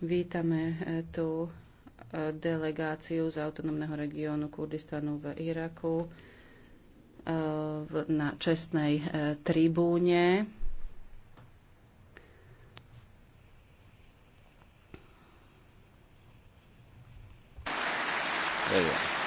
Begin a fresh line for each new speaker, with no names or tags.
Vítame e, tu e, delegáciu z autonómneho regiónu Kurdistanu v Iraku e, na čestnej tribúne.
Yeah, yeah.